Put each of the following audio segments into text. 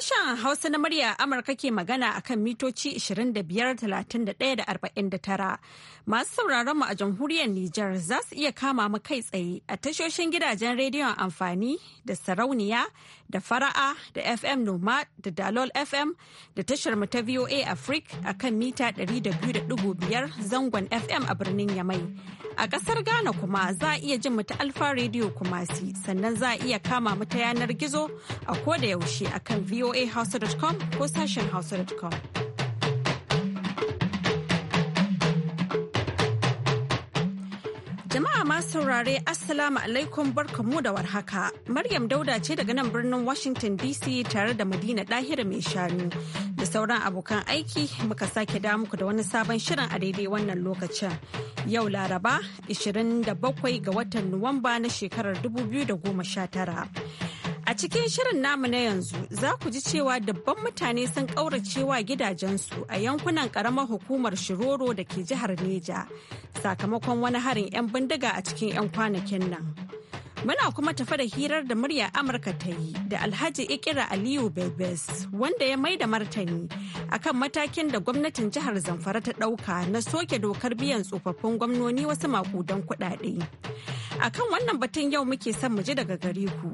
Sashen Hausa na murya Amurka ke magana a kan mitoci 25,31,49. Masu sauraron mu a jamhuriyar Nijar za su iya kama mu kai tsaye a tashoshin gidajen rediyon amfani da sarauniya da fara'a da fm noma da dalol fm da tashar mu ta voa afrik a kan mita 200.5 zangon fm a birnin yamai a kasar ghana kuma za a iya jin mu ta alfa radio kumasi sannan za a iya kama mu yanar gizo a koda yaushe a kan voahouse.com ko sashen house.com. Jama'a masu saurare Assalamu alaikum barkamu da warhaka. Maryam Dauda ce daga nan birnin Washington DC tare da Madina Dahira mai shanu da sauran abokan aiki muka sake da muku da wani sabon shirin a daidai wannan lokacin. Yau Laraba 27 ga watan Nuwamba na shekarar 2019. A cikin shirin namu na yanzu za ku ji cewa dabban mutane sun kauracewa gidajensu a yankunan ƙaramar hukumar Shiroro da ke jihar Neja sakamakon wani harin 'yan bindiga a cikin 'yan kwanakin nan. Muna kuma tafa da hirar da murya Amurka ta yi da Alhaji Ikira Aliyu Bebes wanda ya mai da martani akan matakin da gwamnatin jihar Zamfara ta ɗauka na soke dokar biyan tsofaffin gwamnoni wasu makudan kuɗaɗe. akan wannan batun yau muke son mu ji daga gare ku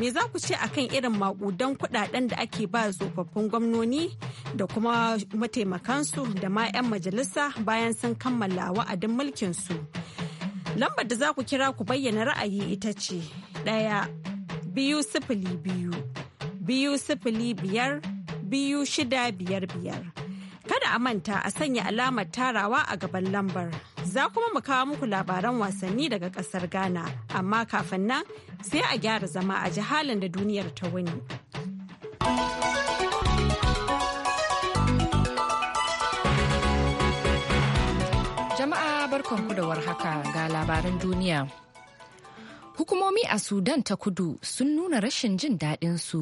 me za ku ce akan irin maƙudan kuɗaɗen da ake ba tsofaffin gwamnoni da kuma mataimakansu da ma 'yan majalisa bayan sun kammala wa'adin mulkinsu lambar da za ku kira ku bayyana ra'ayi ita ce ɗaya biyu sifili biyu biyu sifili biyar biyu shida biyar biyar kada a manta a sanya alamar tarawa a gaban lambar za kuma mu kawo muku labaran wasanni daga kasar Ghana, amma kafin nan sai a gyara zama a ji halin da duniyar ta wuni. Jama'a barkanku da warhaka ga labaran duniya. Hukumomi a Sudan ta kudu sun nuna rashin jin daɗinsu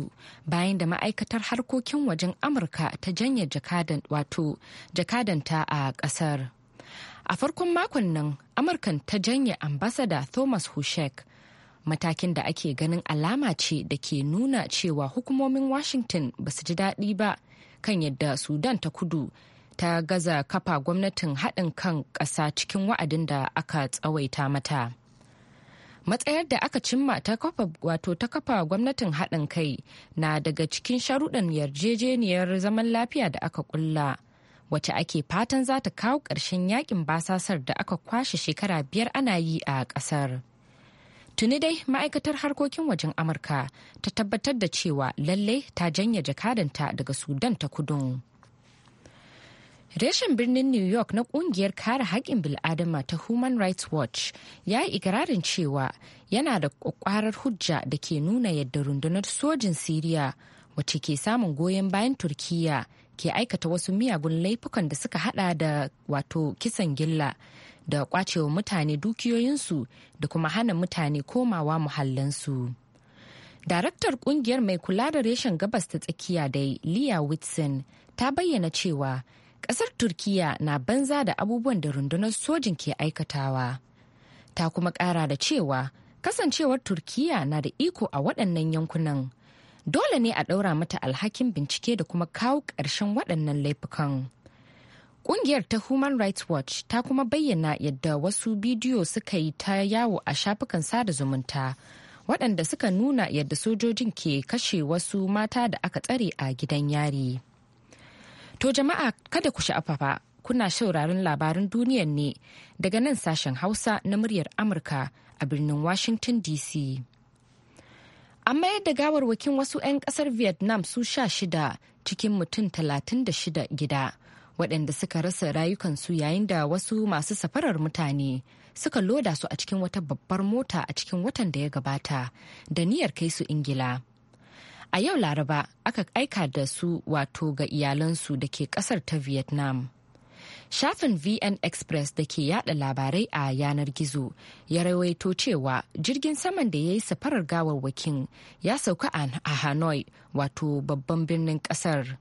bayan da ma'aikatar harkokin wajen Amurka ta janye jakadanta a ƙasar. A farkon makon nan, Amurkan ta janye ambasada Thomas Hushek, matakin da ake ganin alama ce da ke nuna cewa hukumomin Washington ba su ji daɗi ba kan yadda Sudan ta kudu ta gaza kafa gwamnatin haɗin kan ƙasa cikin wa'adin da aka tsawaita mata. matsayar da aka cimma ta kafa wato ta kafa gwamnatin haɗin kai na daga cikin sharuɗan yarjejeniyar zaman lafiya da aka ƙulla wacce ake fatan za ta kawo ƙarshen yakin basasar da aka kwashe shekara biyar ana yi a ƙasar. Tuni dai ma'aikatar harkokin wajen Amurka ta tabbatar da cewa lallai ta janya jakadanta daga Sudan ta kudun. Reshen birnin New York na kungiyar kare haƙƙin bil'adama ta Human Rights Watch ya yi ikirarin cewa yana da kwakwarar hujja da ke nuna yadda rundunar sojin Siriya wacce ke samun goyon bayan Turkiyya ke aikata wasu miyagun laifukan da suka hada da wato kisan gilla da kwacewa mutane dukiyoyinsu da kuma hana mutane komawa muhallansu. Daraktar kungiyar mai kula da reshen gabas ta tsakiya dai Leah Whitson ta bayyana cewa kasar turkiyya na banza da abubuwan da rundunar sojin ke aikatawa. Ta kuma kara da cewa kasancewar turkiyya na da iko a waɗannan yankunan dole ne a ɗaura mata alhakin bincike da kuma kawo ƙarshen waɗannan laifukan. Ƙungiyar ta Human Rights Watch ta kuma bayyana yadda wasu bidiyo suka yi ta yawo a shafukan sada zumunta waɗanda suka nuna yadda sojojin ke kashe wasu mata da aka tsare a gidan yari. To jama'a kada ku sha'afafa kuna shauraren labarin duniyar ne daga nan sashen Hausa na muryar Amurka a birnin Washington DC. an mayar da gawarwakin wasu 'yan kasar vietnam su sha shida cikin mutum talatin da shida gida waɗanda suka rasa rayukansu yayin da wasu masu safarar mutane suka loda su a cikin wata babbar mota a cikin watan da ya gabata da niyyar kai su ingila a yau laraba aka aika da su wato ga iyalansu da ke ƙasar ta vietnam Shafin VN Express da ke yada labarai a yanar gizo ya rawaito cewa jirgin saman da ya yi safarar gawarwakin ya sauka a Hanoi wato babban birnin kasar.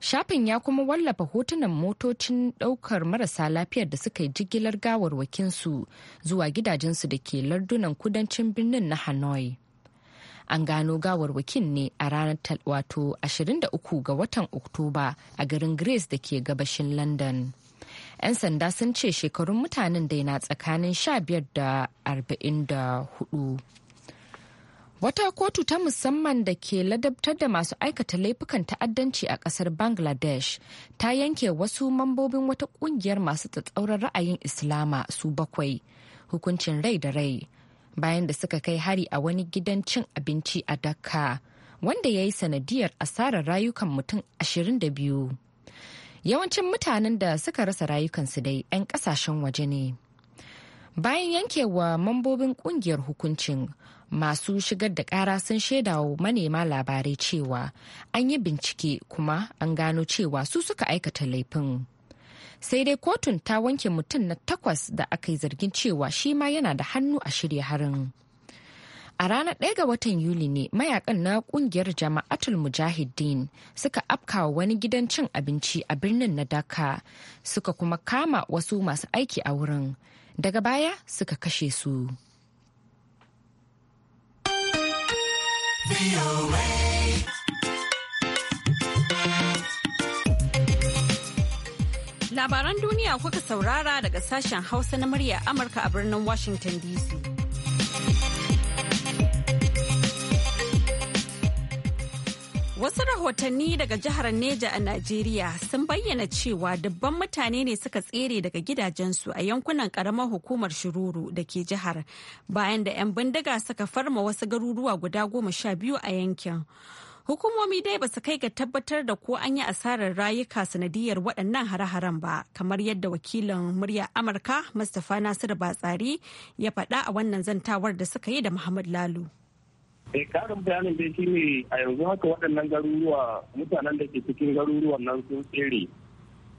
Shafin ya kuma wallafa hotunan motocin ɗaukar marasa lafiyar da suka yi jigilar gawarwakinsu zuwa gidajensu da ke lardunan kudancin birnin na Hanoi. an gano gawarwakin ne a ranar wato 23 ga watan oktoba a garin grace da ke gabashin london 'yan sanda sun ce shekarun mutanen da yana tsakanin 15 da 44 wata kotu ta musamman da ke ladabtar da masu aikata laifukan ta'addanci a kasar bangladesh ta yanke wasu mambobin wata kungiyar masu tsatsauran ra'ayin islama su bakwai hukuncin rai da rai bayan da suka kai hari a wani gidan cin abinci a dakka wanda ya yi sanadiyar asarar rayukan mutum 22 Yawancin mutanen da suka rasa rayukansu dai 'yan kasashen waje ne. Bayan yankewa mambobin kungiyar hukuncin masu shigar da kara sun shaidawa manema labarai cewa an yi bincike kuma an gano cewa su suka aikata laifin. sai dai kotun ta wanke mutum na takwas da aka yi zargin cewa shi ma yana da hannu a shirya harin. A ranar ɗaya ga watan Yuli ne mayakan na ƙungiyar jama'atul mujahideen suka afkawa wani gidan cin abinci a birnin na Dhaka suka kuma kama wasu masu aiki a wurin. Daga baya suka kashe su. Labaran duniya kuka saurara daga sashen Hausa na murya Amurka a birnin Washington DC. Wasu rahotanni daga jihar Neja a Najeriya sun bayyana cewa dubban mutane ne suka tsere daga gidajensu a yankunan karamar hukumar Shiruru da ke jihar bayan da 'yan bindiga suka farma wasu garuruwa guda goma sha biyu a yankin. Hukumomi dai ba su kai ga tabbatar da ko an yi asarar rayuka sanadiyar waɗannan hare-haren ba, kamar yadda wakilin murya Amurka Mustapha Nasiru Batsari ya faɗa a wannan zantawar da suka yi da Muhammad Lalu. eh karin bayanin dai ne a yanzu haka waɗannan garuruwa mutanen da ke cikin garuruwan nan sun tsere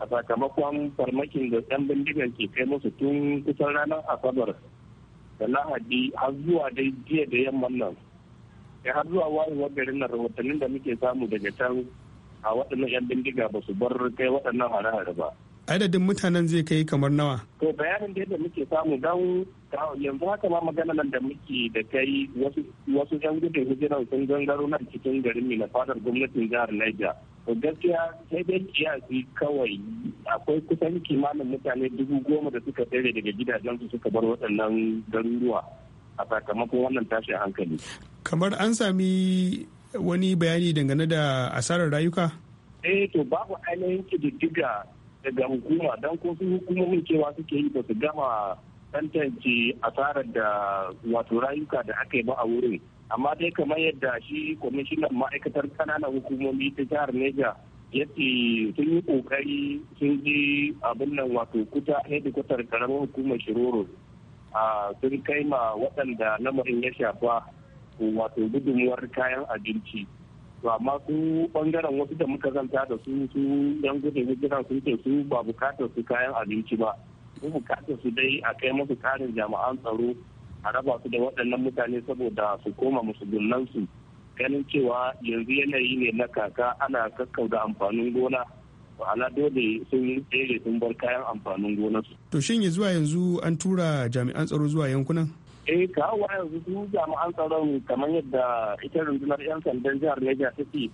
a sakamakon farmakin da 'yan bindigan ke kai musu tun kusan ranar asabar da lahadi har zuwa dai jiya da yamman nan ya eh, har zuwa wani garin nan rahotannin da muke samu daga can a waɗannan 'yan bindiga ba su bar kai waɗannan hare-hare ba adadin mutanen zai kai kamar nawa to bayanin da yadda muke samu don yanzu haka ma magana nan da muke da kai wasu yan gudun hijiran sun gangaro nan cikin garin mai na fadar gwamnatin jihar Niger to gaskiya sai dai kiyasi kawai akwai kusan kimanin mutane dubu goma da suka tsere daga gidajen su suka bar waɗannan garuruwa a sakamakon wannan tashin hankali kamar an sami wani bayani dangane da asarar rayuka eh to babu ainihin kididdiga daga hukuma don ko su hukumomin cewa suke yi ba su gama tantance asarar da wato rayuka da aka yi ba a wurin amma dai kamar yadda shi kwamishinan ma'aikatar kananan hukumomi ta jihar neja yadda sun yi kokari sun ji abin nan wato kuta hedikwatar karamar hukumar shiroro sun kai ma waɗanda lamarin ya shafa wato gudunmuwar kayan abinci to amma su bangaren wasu da muka zanta da su su yan gudun hijira sun ce su ba bukatar su kayan abinci ba su bukatar su dai a kai musu karin jami'an tsaro a raba su da waɗannan mutane saboda su koma musulman su ganin cewa yanzu yanayi ne na kaka ana kakkauda amfanin gona ma'ana dole sun tsere sun bar kayan amfanin gonarsu. To shin zuwa yanzu an tura jami'an tsaro zuwa yankunan? eh kawo yanzu su jami'an tsaron kamar yadda ita rundunar 'yan sandan jihar Niger take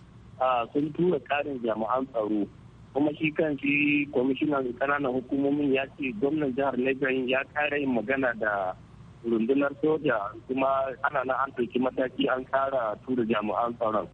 sun tura karin jami'an tsaro kuma shi kan shi kwamishinan kananan hukumomin ya ce gwamnan jihar Niger ya kara yin magana da rundunar soja kuma ana nan an ɗauki mataki an kara tura jami'an tsaron.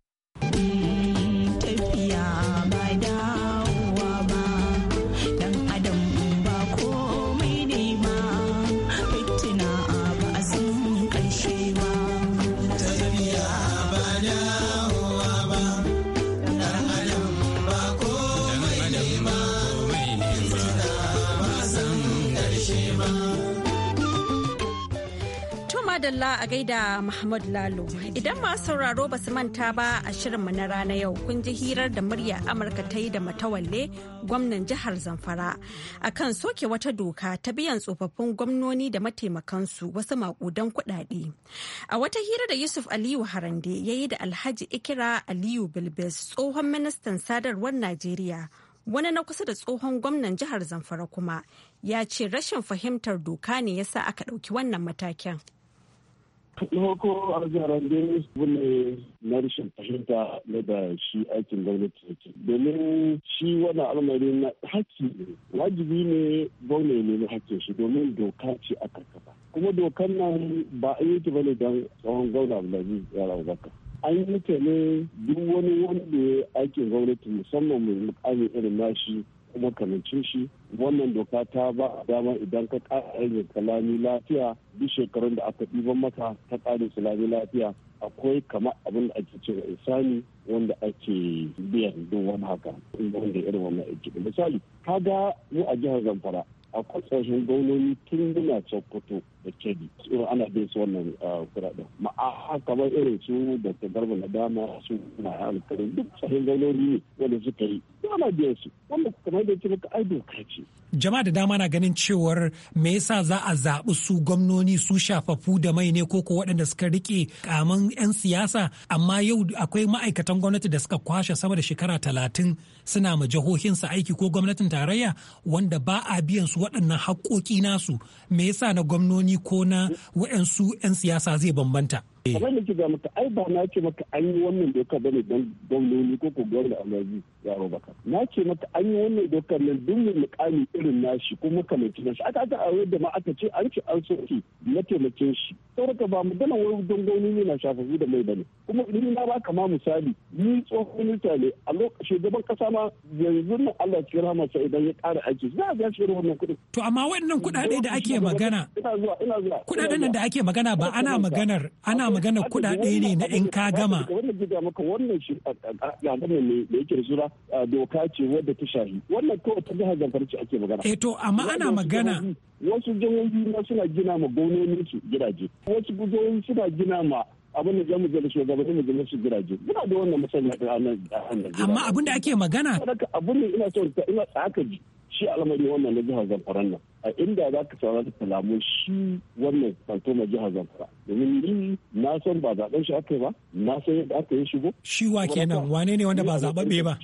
madalla a gaida Muhammad Lalo. Idan masu sauraro ba su manta ba a shirinmu na rana yau kun ji hirar da murya Amurka ta yi da matawalle gwamnan jihar Zamfara akan soke wata doka ta biyan tsofaffin gwamnoni da mataimakansu wasu makudan kuɗaɗe. A wata hira da Yusuf Aliyu Harande ya yi da Alhaji Ikira Aliyu Bilbis tsohon ministan sadarwar Najeriya. wani na kusa da tsohon gwamnan jihar zamfara kuma ya ce rashin fahimtar doka ne yasa aka ɗauki wannan matakin. farko a zaren dai abu ne na rashin fahimta na da shi aikin gwamnati yake domin shi wani al'amari na haƙƙi ne wajibi ne gwamnati ne na haƙƙin shi domin doka ce a karkata kuma dokan nan ba a yi ta bane don tsawon gwamna abdulaziz yara abubakar an yi ta ne duk wani wanda ya aikin gwamnati musamman mai mukamin irin nashi kuma kamancin shi wannan doka ta ba a dama idan ka ƙara aikin kalami lafiya duk shekarun da aka ɗiban maka ta ƙarin sulami lafiya akwai kama abin da ake cewa isani wanda ake biyan don wani haka wanda irin wannan aiki misali kaga mu a jihar zamfara akwai tsohon gwamnati tun muna sokoto da kedi irin ana bin su wannan ah, kuɗaɗen ma'a kamar irin su da ta garba na dama su na alkarin duk sahin wanda suka yi ana biyan su wanda kamar da ce da dama na ganin cewar me yasa za a zaɓi su gwamnoni su shafafu da mai ne ko waɗanda suka rike kaman 'yan siyasa amma yau akwai ma'aikatan gwamnati da suka kwashe sama da shekara talatin suna ma jihohinsa aiki ko gwamnatin tarayya wanda ba a biyan su waɗannan haƙƙoƙi nasu me yasa na gwamnoni ko na wa'yansu 'yan siyasa zai bambanta. Eh. kamar da ga maka ai ba na ce maka an yi wannan dokar bane don gwamnoni ko ko gwamna alhaji yaro baka na ce maka an yi wannan dokar nan duk mai mukami irin nashi ko mai cinashi aka aka a yadda ma aka ce an ce an soke na taimakin shi saboda ba magana wani don gwamnoni na shafa da mai bane kuma idan na ba kama misali ni tsohon mutane a lokacin gaban kasa ma yanzu nan Allah ya rama sa idan ya ƙara aiki za a ga shi wannan kuɗin to amma waɗannan kuɗaɗe da ake magana ina zuwa ina zuwa kuɗaɗen da ake magana ba ana maganar ana magana kuɗaɗe ne na in ka gama. Wannan gida maka wannan shi al'adama ne da yake sura doka ce wadda ta shahi. Wannan kawai ta jihar Zamfarci ake magana. Eh to amma ana magana. Wasu jihohi ma suna gina ma gononin su gidaje. Wasu jihohi suna gina ma abin da za mu da shugabannin majalisar gidaje muna da wannan masaniya a nan amma abin da ake magana abin da ina son ina tsaka ji shi al'amari wannan na jihar zamfara nan a inda za ka saurari kalamu shi wannan fantoma jihar zamfara domin ni na san ba zaɓen shi aka yi ba na san yadda aka yi shigo shi wa kenan wane ne wanda ba zaɓaɓɓe ba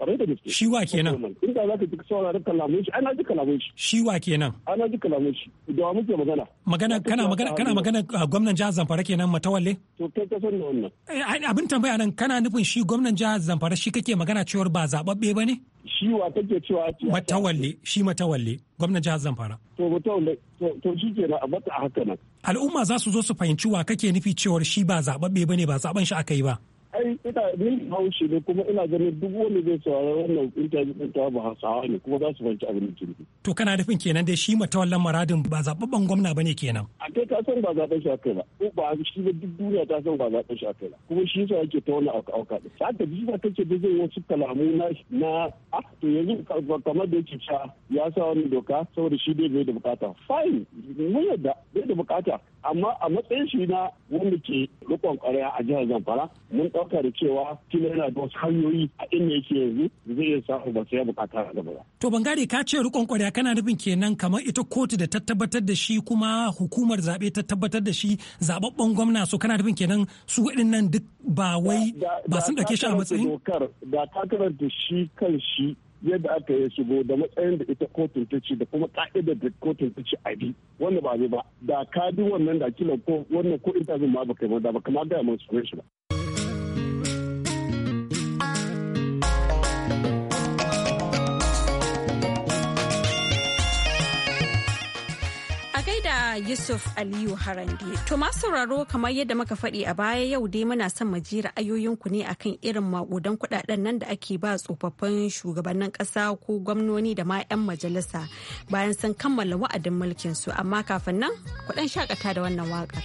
kwarai da gaske shi wa kenan in da za zaka ji sauraron kalamun shi ana ji kalamun shi shi wa kenan ana ji kalamun shi da wa muke magana magana kana magana kana ah, magana gwamnan jihar Zamfara kenan matawalle to kai ka san wannan eh, abin tambaya nan kana nufin shi gwamnan jihar Zamfara shi kake magana cewar ba zaɓaɓɓe ba ne? shi wa kake cewa matawalle shi matawalle gwamnan jihar Zamfara to matawalle to shi kenan a bata haka nan al'umma za su zo su fahimci wa kake nufi cewar shi ba zaɓaɓɓe ba ne ba zaɓen shi aka yi ba ai ina ni haushi ne kuma ina ganin duk wani zai saurari wannan interview din ta ba hasawa ne kuma za su fanci abin da to kana nufin kenan dai shi matawallan maradin ba zababban gwamna bane kenan a kai ka san ba zaben shi ba ko ba shi ba duk duniya ta san ba zaben shi ba kuma shi yasa yake ta wannan auka auka din haka bisa kace da zai wasu kalamu na na ah to yanzu kamar da yake sha ya sa wani doka saboda shi dai bai da bukata fine mun yadda bai da bukata amma a matsayin shi na wanda ke rikon kwarya a jihar zamfara mun ɗauka da cewa kila yana da wasu hanyoyi a inda yake yanzu zai iya samu ba sai bukata a gaba ba. to bangare ka ce rikon kwarya kana nufin kenan kamar ita kotu da ta tabbatar da shi kuma hukumar zaɓe ta tabbatar da shi zababben gwamna so kana nufin kenan su nan duk ba wai ba sun ɗauke shi a matsayin. da ta karanta shi kan shi yadda aka yi shigo da matsayin da ita kotun ta ce da kuma ka'idar da kotun ta ce a bi wanda ba zai ba da ka bi wannan da kila ko wannan ko in ta ma ba kai da ba kamar da mun shi ba Yusuf Aliyu Harande. To masu sauraro kamar yadda muka faɗi a baya yau dai muna son mu ji ra'ayoyinku ne akan irin maƙudan kuɗaɗen nan da ake ba tsofaffin shugabannin ƙasa ko gwamnoni da ma 'yan majalisa bayan sun kammala wa'adin mulkin su amma kafin nan kuɗan shakata da wannan waƙar.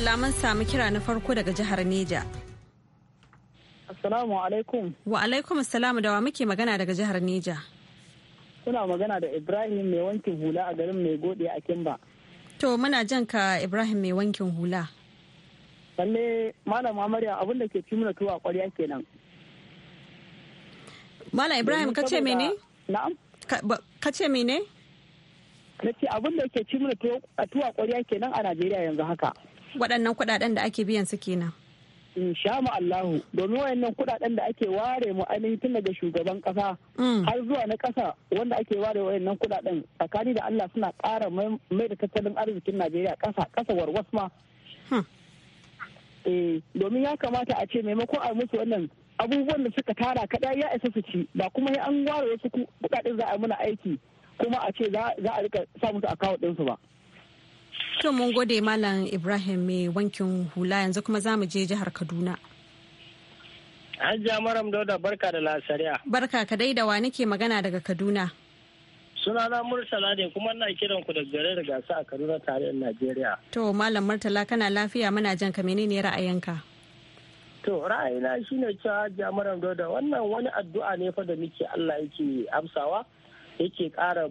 madalla mun samu kira na farko daga jihar Neja. Assalamu alaikum. Wa alaikum assalamu da wa muke magana daga jihar Neja. Kuna magana da Ibrahim mai wankin hula a garin mai gode a Kimba. To muna jan ka Ibrahim mai wankin hula. Lalle Malam Amarya abin da ke ci mana tuwa kwarya kenan. Malam Ibrahim ka ce mene? Na'am. Ka ce mene? Na ce abin da ke ci mana tuwa kwarya kenan a Najeriya yanzu haka. waɗannan kuɗaɗen da ake biyan su kenan sha Allahu domin wayannan kuɗaɗen da ake ware mu ainihin tun daga shugaban ƙasa. Mm. har zuwa na ƙasa wanda ake ware wayannan kuɗaɗen tsakani da Allah suna ƙara mai da tattalin arzikin Najeriya kasa kasa wasu ma hmm. eh, domin ya kamata a ce maimakon a musu wannan abubuwan da suka tara kaɗai ya isa su ci ba kuma an ware wasu kuɗaɗen za a muna aiki kuma a ce za a rika sa musu akawu ɗinsu ba. To mun gode Malam Ibrahim mai wankin hula yanzu kuma za mu je jihar Kaduna. Hajiya Maram Dauda barka da lasariya. Barka ka da wa nake magana daga Kaduna. Sunana Murtala ne kuma na kiran ku da garin gasa a Kaduna tarihin Najeriya. To Malam Murtala kana lafiya muna jan ka menene ra'ayinka? To ra'ayina shine cewa Hajiya Maram Dauda wannan wani addu'a ne fa da muke Allah yake amsawa yake ƙara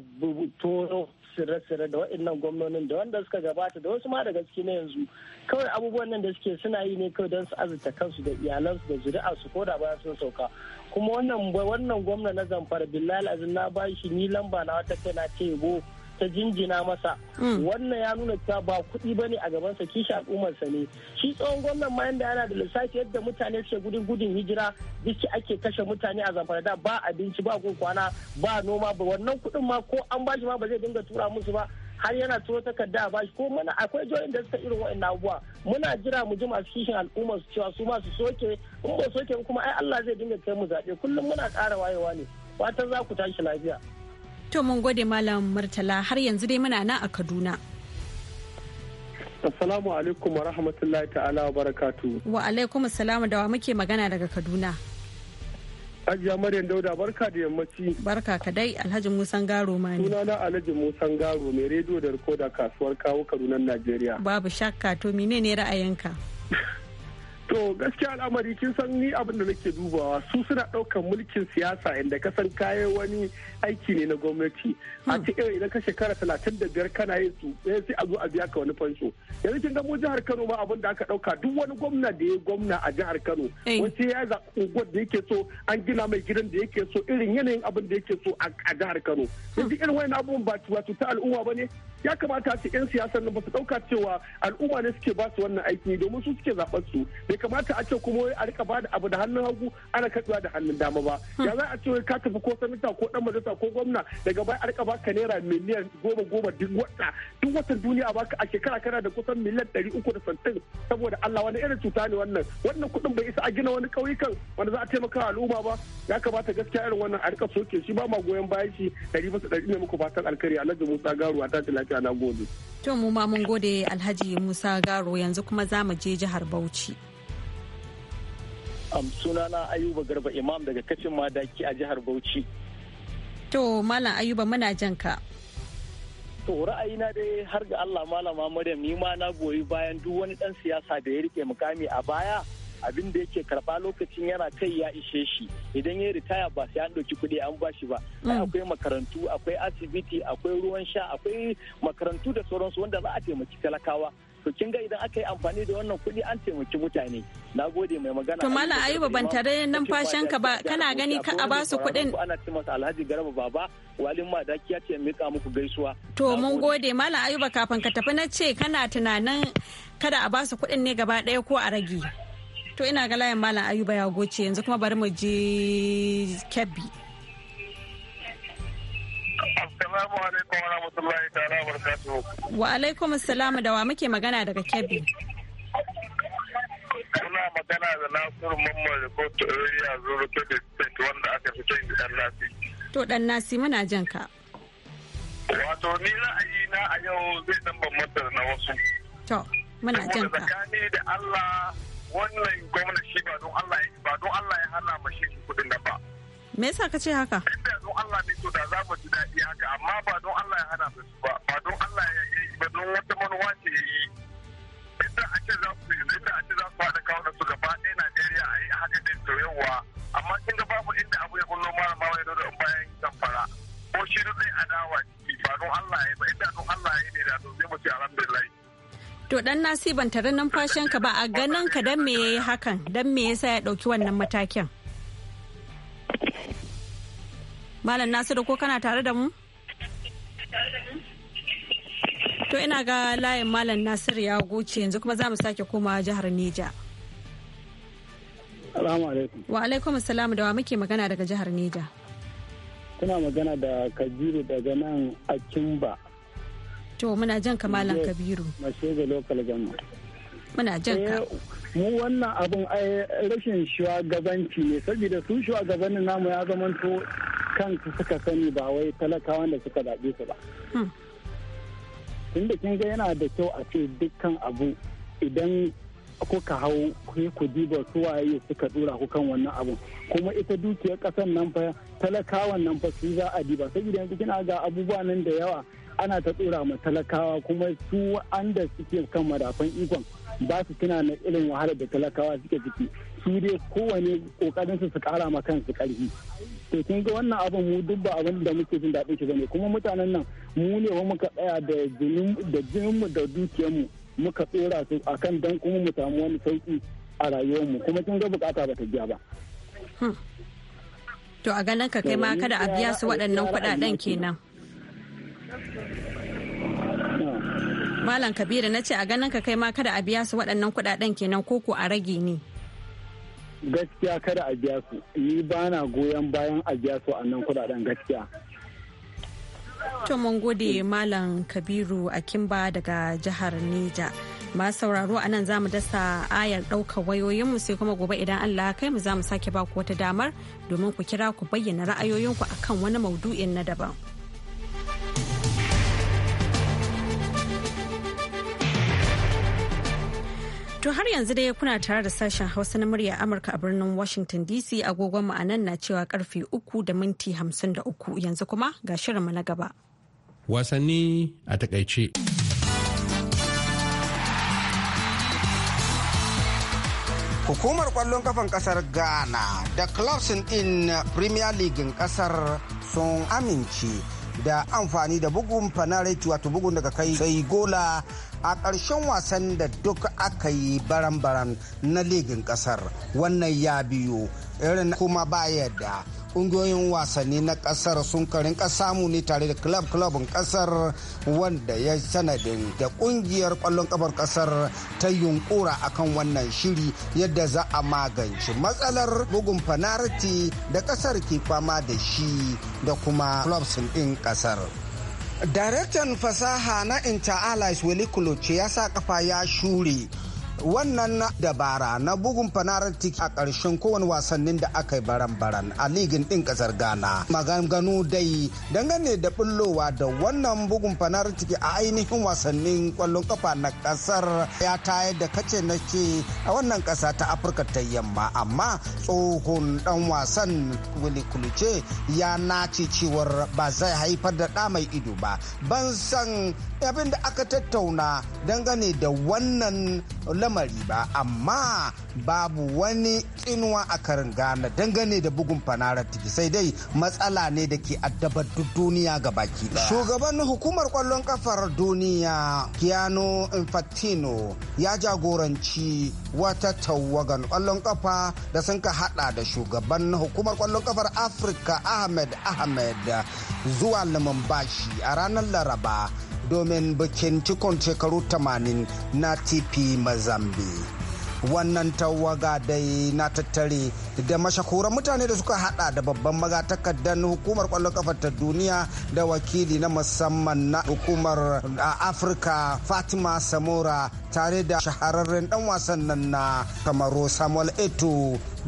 toro tsire sirre da waɗannan gwamnonin da wanda suka gabata da wasu ma daga ciki na yanzu kawai abubuwan nan da suke suna yi ne kawai don su azurta kansu da iyalansu da zuri'a su ko da bayan sun sauka kuma wannan wannan gwamna na zamfara billahi azin na ba shi ni lamba na wata kai na ce go ta jinjina masa mm. wannan ya nuna cewa ba kuɗi bane a gabansa kishi al'ummarsa ne shi tsohon gwamnan ma yanda yana da lissafi yadda mutane suke gudun gudun hijira duk ake kashe mutane a zamfara da ba abinci ba kwana ba noma ba wannan kuɗin ma ko an bashi ma ba zai dinga tura musu ba har yana turo takarda ba shi ko mana akwai jihohin da suka irin wa'annan abubuwa muna jira mu ji masu kishin al'umma su cewa su ma su soke in ba soke kuma ai Allah zai dinga kai mu zaɓe kullum muna ƙara wayewa ne fatan za ku tashi lafiya. To mun gode Malam Murtala har yanzu dai muna nan a Kaduna. Assalamu alaikum wa rahmatullahi ta'ala wa barakatu. Wa alaikum assalamu da wa muke magana daga Kaduna. Hajiya Maryam Dauda barka da yammaci. Barka ka dai Alhaji Musan Garo ma ne. Sunana Alhaji Musan Garo mai rediyo da rikoda kasuwar kawo Kaduna Najeriya. Babu shakka to menene ra'ayinka? To gaskiya al'amari kin san ni abin da nake dubawa su suna ɗaukan mulkin siyasa inda ka san kayan wani aiki ne na gwamnati. A cikin eh, idan ka shekara talatin da biyar kana yin su eh, sai a zo a biya ka wani fanso Yanzu kin ga mu jihar Kano ma abin da aka ɗauka duk wani gwamna da ya gwamna a jihar Kano. Eh. Wace ya zaɓi unguwar da yake so an gina mai gidan da yake so irin yanayin abin da yake so a jihar Kano. Yanzu irin wani abubuwan ba ta al'umma ba ne ya kamata ce 'yan siyasar nan ba su ɗauka cewa al'umma ne suke ba su wannan aiki domin su suke zaɓar su bai kamata a ce kuma a rika ba da abu da hannun hagu ana katsuwa da hannun dama ba hmm. ya za a ce ka tafi ko sanata ko dan majalisa ko gwamna daga baya a rika ba ka naira miliyan goma goma duk wata duk wata duniya a baka a shekara kana da kusan miliyan ɗari uku da santin saboda Allah wani irin cuta ne wannan wannan kuɗin bai isa a gina wani ƙauyukan wanda za a taimaka al'umma ba ya kamata gaskiya irin wannan a rika soke shi ba ma goyon bayan shi ɗari bisa ɗari ne muku fatan alkhairi Alhaji Musa Garuwa ta na gode. To mu ma mun gode Alhaji Musa Garo yanzu kuma za mu je jihar Bauchi. Am sunana Ayuba Garba Imam daga kacin madaki a jihar Bauchi. To Malam Ayuba muna jan ka. To ra'ayina dai har ga Allah Malama Maryam ni ma na goyi bayan duk wani dan siyasa da ya rike mukami a baya. abin da yake karba lokacin yana kai ya ishe shi idan ya ritaya ba sai an ɗauki kuɗi an bashi ba mm. akwai makarantu akwai asibiti akwai ruwan sha akwai makarantu da sauransu wanda za a taimaki talakawa to kin ga idan aka yi amfani da wannan kuɗi an taimaki mutane na gode mai magana to mala ayuba ban tare numfashin ka ba kana gani ka a basu kuɗin ana ce masa alhaji garba baba walin da ya ce mika muku gaisuwa to mun gode mala ayuba kafin ka tafi na ce kana tunanin kada a basu kuɗin ne gaba ɗaya ko a rage to ina ga layin malam ayuba ya goce yanzu kuma bari mu je kebbi wa wa alaikum salam da wa muke magana daga kebbi muna magana da nasiru mamman rikoto area zuru kebbi state wanda aka fi kai da nasi to dan nasi muna jan ka wato ni ra'ayi na a yau zai dan bambanta na wasu to muna jan ka tsakani da Allah wannan gwamnati shi ba don Allah ba don Allah ya hana ma shi kudin da ba me yasa ka ce haka inda don Allah ne to da za mu ji dadi haka amma ba don Allah ya hana mu ba ba don Allah ya yi ba don wata manuwa ce ya yi inda a ce za su inda a ce za su haɗa kawo da su gaba ɗaya Najeriya a yi haka din to yawa amma kin ga babu inda abu ya kullum mara ma wai da bayan zamfara ko shi duk zai adawa ba don Allah ya ba inda don Allah ya yi ne da to sai mu ci alhamdulillah To dan nasi ban tare numfashin ka ba a ganin ka dan me yayi hakan dan me yasa ya dauki wannan matakin. Malam Nasiru ko kana tare da mu? To ina ga layin Malam Nasiru ya goce yanzu kuma za mu sake koma jihar Neja. Salamu alaikum. Wa alaikum salam da wa muke magana daga jihar Neja. Kuna magana da Kajiru daga nan Akimba. to muna jan kamalan kabiru muna jan ka eh, mu wannan abun ai rashin shugabanci ne saboda su shugabannin namu ya zamanto kansu suka sani ba wai talakawan da suka zaɓe su ba hmm. tunda kin ga yana da kyau a ce dukkan abu idan kuka hau ku diba su waye suka dura ku kan wannan abun kuma ita dukiyar kasan nan fa talakawan nan fa su za a diba saboda yanzu kina ga abubuwa nan da yawa ana ta tsora ma talakawa kuma su wanda suke kan madafan ikon ba su tuna na irin wahalar da talakawa suke ciki su dai kowane kokarin su su kara ma kansu karfi to kin ga wannan abin mu duk ba abin da muke jin daɗin shi bane kuma mutanen nan mu ne wa muka tsaya da jinin da jinin mu da dukiyar mu muka tsora su akan dan kuma mu samu wani sauki a rayuwar mu kuma kin ga bukata ba ta biya ba hmm. to a ganin ka kai ma kada a biya su waɗannan kuɗaɗen kenan Malam Kabiru na ce a ganin ka kai ma kada a biya su waɗannan kuɗaɗen kenan ko koko a rage ne. Gaskiya kada a biya su, ni ba na goyon bayan a biya su waɗannan kuɗaɗen gaskiya. To mun gode Malam Kabiru a kimba daga jihar Neja. Masu sauraro a nan za mu dasa ayar ɗaukar wayoyinmu sai kuma gobe idan Allah kai mu za mu sake ba ku wata damar domin ku kira ku bayyana ra'ayoyinku akan wani maudu'in na daban. To har yanzu dai kuna tare da sashen Hausa na murya Amurka a birnin Washington DC agogon mu anan na cewa karfe uku da minti hamsin da uku yanzu kuma ga shirinmu na gaba. Wasanni a takaice. Hukumar kwallon kafan kasar Ghana da clubs in Premier League kasar sun amince da amfani da bugun fanareti wato bugun daga kai sai gola a ƙarshen wasan da duk aka yi baran-baran na ligin ƙasar wannan ya biyo, irin kuma ba yadda ƙungiyoyin wasanni na ƙasar sun karin samu ne tare da club clubin ƙasar wanda ya sanadin da ƙungiyar ƙwallon ƙafar ƙasar ta yunƙura kan wannan shiri yadda za a magance matsalar bugun fanarti da ƙasar ke fama da shi da kuma clubs ɗin ƙasar. Daraktan fasaha na Inter Allies Weli ce ya sa kafa ya shure wannan dabara na bugun fanarati a ƙarshen kowane wasannin da aka yi baran-baran a ligin ɗin ƙasar ghana maganganu dai dangane da bullowa da wannan bugun fanarati a ainihin wasannin ƙwallon kafa na ƙasar ya tayar da kace na ce a wannan ƙasa ta afirka ta yamma amma tsohon ɗan wasan wili kuluce ya nace cewar ba zai haifar da ɗa mai ido ba ban san abin da aka tattauna dangane da wannan lamari ba amma babu wani tsinuwa a karin gana dangane da bugun fanarar tiki sai dai matsala ne da ke addabar duniya ga baki shugaban hukumar kwallon kafar duniya kiano infantino ya jagoranci wata tawagan kwallon kafa da sun ka hada da shugaban hukumar kwallon kafar afirka ahmed ahmed zuwa bashi a ranar laraba domin bikin cikon shekaru 80 na TP Mazambi. wannan tawaga dai na tattare da mashahuran mutane da suka hada da babban magatakardar hukumar kwallon kafar ta duniya da wakili na musamman na hukumar afirka fatima samora tare da shahararren dan wasan nan na kamaro samuel eto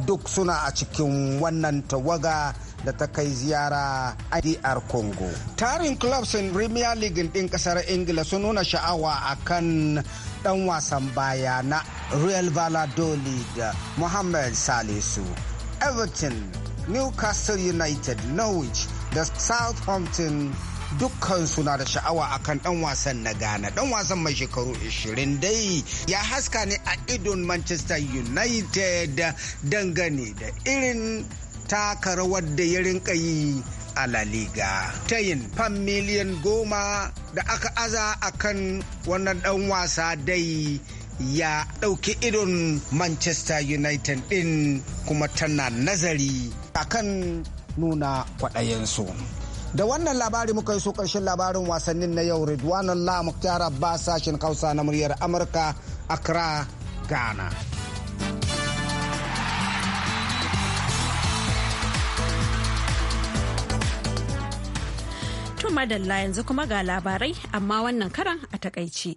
duk suna a cikin wannan tawaga da ta kai ziyara a DR Congo. Tarin clubs in Premier League din kasar Ingila sun nuna sha'awa akan ɗan wasan baya na Real Valladolid Mohamed Salisu. Everton, Newcastle United, Norwich da Southampton dukkansu na da sha'awa akan dan wasan na Ghana. ɗan wasan mai shekaru 20 dai ya haska ne a idon Manchester United dangane da irin taka rawar da ya rinka yi a laliga. Liga. Tayin fan miliyan goma da aka aza a kan wannan ɗan wasa dai ya ɗauki idon Manchester United ɗin kuma tana nazari a kan nuna kwaɗayensu. Da wannan labari muka yi so ƙarshen labarin wasannin na yau Ridwan Allah Mukhtar Abbas sashen Hausa na muryar Amurka Accra, Ghana. madalla yanzu kuma ga labarai amma wannan karan a takaice.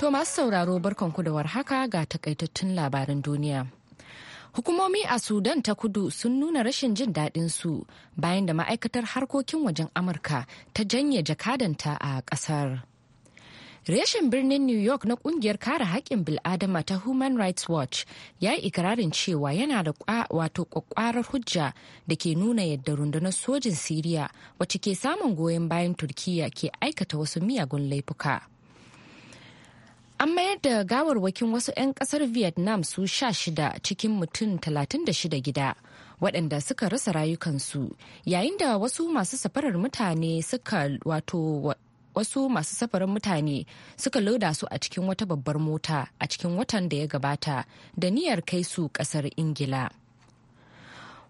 To masu sauraro barkanku da warhaka ga takaitattun labarin duniya. Hukumomi a Sudan ta kudu sun nuna rashin jin daɗin bayan da ma'aikatar harkokin wajen Amurka ta janye jakadanta a ƙasar. Reshen birnin New York na kungiyar kare haƙƙin bil'adama ta Human Rights Watch ya yi ikirarin cewa yana da wato kwakwarar hujja da ke nuna yadda rundunar sojin Siriya wacce ke samun goyon bayan Turkiyya ke aikata wasu miyagun laifuka. An mayar da gawarwakin wasu 'yan kasar Vietnam su sha shida cikin mutum 36 gida. waɗanda suka rasa rayukansu yayin da wasu masu safarar mutane suka wato wasu masu safarin mutane suka loda su a cikin wata babbar mota a cikin watan da ya gabata da niyyar kai su kasar ingila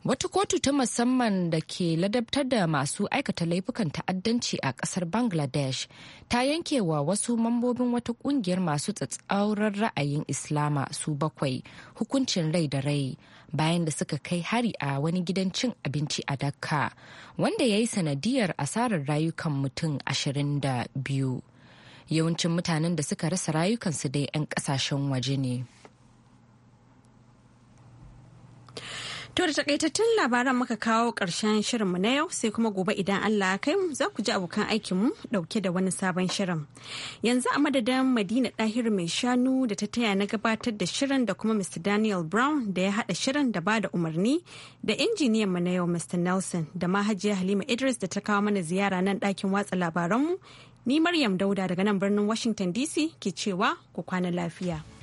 wata kotu ta musamman da ke ladabtar da masu aikata laifukan ta'addanci a kasar bangladesh ta yanke wa wasu mambobin wata kungiyar masu tsatsauran ra'ayin islama su bakwai hukuncin rai da rai bayan da suka kai hari a wani gidan cin abinci a dakka, wanda ya yi sanadiyar asarar rayukan mutum 22. Yawancin mutanen da suka rasa rayukansu dai 'yan kasashen waje ne. To da takaitattun labaran muka kawo ƙarshen mu na yau sai kuma gobe idan Allah kai mu za ku ji abokan aikinmu ɗauke da wani sabon shirin. Yanzu a madadin Madina Ɗahir mai shanu da ta taya na gabatar da shirin da kuma Mr. Daniel Brown da ya haɗa shirin da ba da umarni da injiniyan mu na yau Mr. Nelson da ma Hajiya Halima Idris da ta kawo mana ziyara nan ɗakin watsa labaranmu. Ni Maryam Dauda daga nan birnin Washington DC ke cewa ku kwana lafiya.